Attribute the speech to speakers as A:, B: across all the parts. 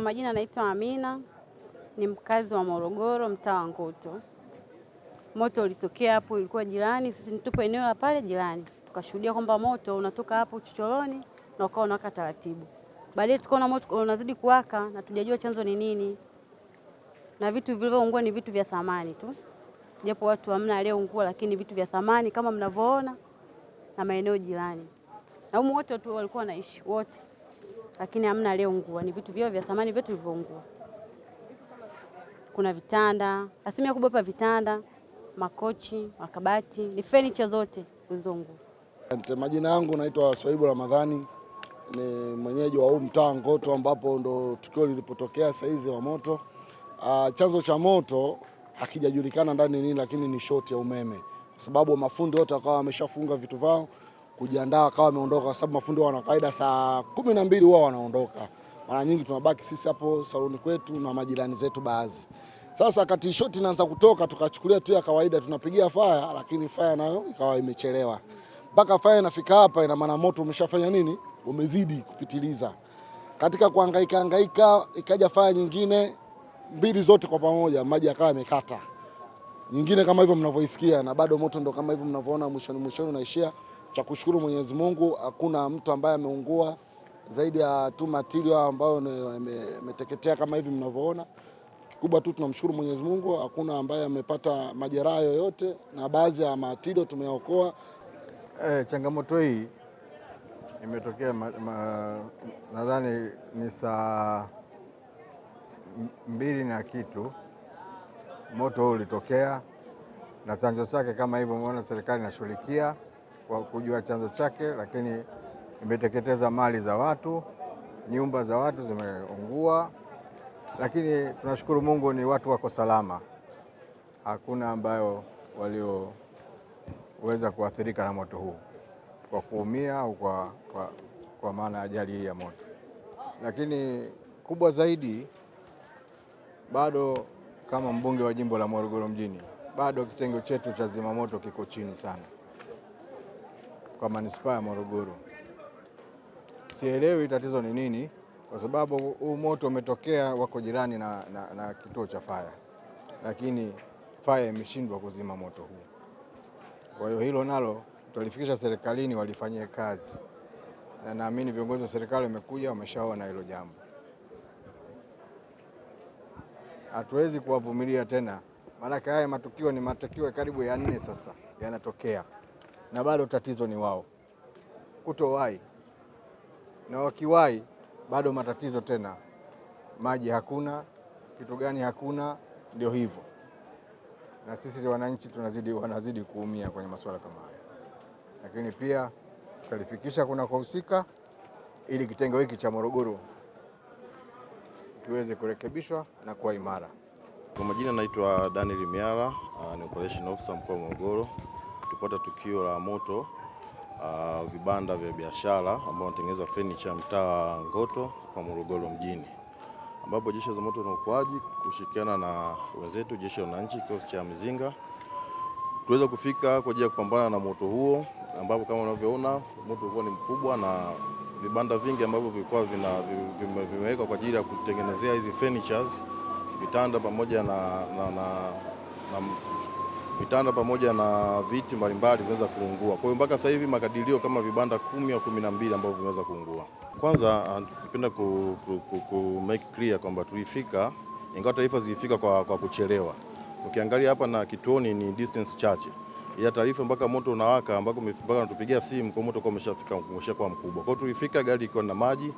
A: Kwa majina naitwa Amina, ni mkazi wa Morogoro, mtaa wa Ngoto. Moto ulitokea hapo, ilikuwa jirani, sisi tupo eneo la pale jirani, tukashuhudia kwamba moto unatoka hapo chochoroni na ukawa unawaka taratibu. Baadaye tukaona moto unazidi kuwaka na tujajua chanzo ni nini, na vitu vilivyoungua ni vitu vya thamani tu, japo watu hamna aliyeungua, lakini vitu vya thamani kama mnavyoona na maeneo jirani, na humo wote tu walikuwa wanaishi wote lakini hamna nguo, ni vitu vyao vya thamani vyote vilivyoungua. Kuna vitanda, asilimia kubwa hapa vitanda, makochi, makabati, ni furniture zote zilizoungua.
B: Majina yangu naitwa Swaibu Ramadhani, ni mwenyeji wa huu mtaa Ngoto ambapo ndo tukio lilipotokea saizi wa moto. Uh, chanzo cha moto hakijajulikana ndani nini, lakini ni shoti ya umeme, kwa sababu mafundi wote wakawa wameshafunga vitu vao kujiandaa akawa ameondoka, kwa sababu mafundi wana kawaida saa kumi na mbili huwa wanaondoka. Mara nyingi tunabaki sisi hapo saluni kwetu na majirani zetu baadhi. Sasa kati shot inaanza kutoka, tukachukulia tu ya kawaida, tunapigia faya, lakini faya nayo ikawa imechelewa mpaka faya inafika hapa, ina maana moto umeshafanya nini, umezidi kupitiliza. Katika kuhangaika hangaika, ikaja faya nyingine mbili, zote kwa pamoja maji yakawa yamekata, nyingine kama hivyo mnavyoisikia, na bado moto ndo kama hivyo mnavyoona, mwishoni mwishoni unaishia cha kushukuru Mwenyezi Mungu, hakuna mtu ambaye ameungua zaidi ya tu material ambayo imeteketea kama hivi mnavyoona. Kikubwa tu tunamshukuru Mwenyezi Mungu, hakuna ambaye amepata majeraha yoyote, na baadhi ya material tumeokoa.
C: Eh, changamoto hii imetokea nadhani ni saa mbili na kitu, moto huu ulitokea na chanzo chake kama hivyo, umeona serikali inashughulikia kwa kujua chanzo chake, lakini imeteketeza mali za watu, nyumba za watu zimeungua, lakini tunashukuru Mungu ni watu wako salama, hakuna ambayo walioweza kuathirika na moto huu kwa kuumia au kwa, kwa, kwa maana ya ajali hii ya moto. Lakini kubwa zaidi bado, kama mbunge wa jimbo la Morogoro mjini, bado kitengo chetu cha zimamoto kiko chini sana kwa manispaa ya Morogoro. Sielewi tatizo ni nini, kwa sababu huu moto umetokea wako jirani na, na, na kituo cha faya, lakini faya imeshindwa kuzima moto huu. Kwa hiyo hilo nalo tutalifikisha serikalini walifanyie kazi, na naamini viongozi wa serikali wamekuja wameshaona hilo jambo. Hatuwezi kuwavumilia tena, maanake haya matukio ni matukio karibu ya nne sasa yanatokea na bado tatizo ni wao kutowahi, na wakiwahi bado matatizo tena, maji hakuna, kitu gani hakuna. Ndio hivyo, na sisi wananchi tunazidi wanazidi kuumia kwenye masuala kama haya, lakini pia tutalifikisha kuna kuhusika ili kitengo hiki cha Morogoro kiweze kurekebishwa na kuwa imara.
D: Kwa majina naitwa Daniel Miara, uh, ni Operation Officer mkoa wa Morogoro tulipata tukio la moto uh, vibanda vya biashara ambao wanatengeneza furniture mtaa Ngoto kwa Morogoro mjini, ambapo jeshi la zimamoto na uokoaji kushirikiana na wenzetu jeshi la wananchi kikosi cha Mizinga tuweza kufika kwa ajili ya kupambana na moto huo, ambapo kama unavyoona moto ulikuwa ni mkubwa na vibanda vingi ambavyo vilikuwa vimewekwa kwa ajili ya kutengenezea hizi furnitures vitanda pamoja na, na, na, na vitanda pamoja na viti mbalimbali vinaweza kuungua. Kwa hiyo mpaka sasa hivi makadirio kama vibanda kumi au kumi na mbili ambavyo vinaweza kuungua. Kwanza napenda ku, ku, ku, ku make clear kwamba tulifika, ingawa taarifa zilifika kwa, kwa kuchelewa. Ukiangalia hapa na kituoni ni distance chache ya taarifa mpaka moto unawaka ambako mpaka natupigia simu kwa moto kwa umeshafika kwa mkubwa. Kwa tulifika gari iko na maji.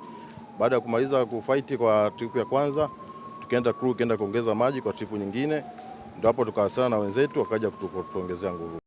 D: Baada ya kumaliza kufight kwa trip ya kwanza, tukaenda crew kaenda kuongeza maji kwa trip nyingine. Ndio hapo tukawasana na wenzetu wakaja kutuongezea nguvu.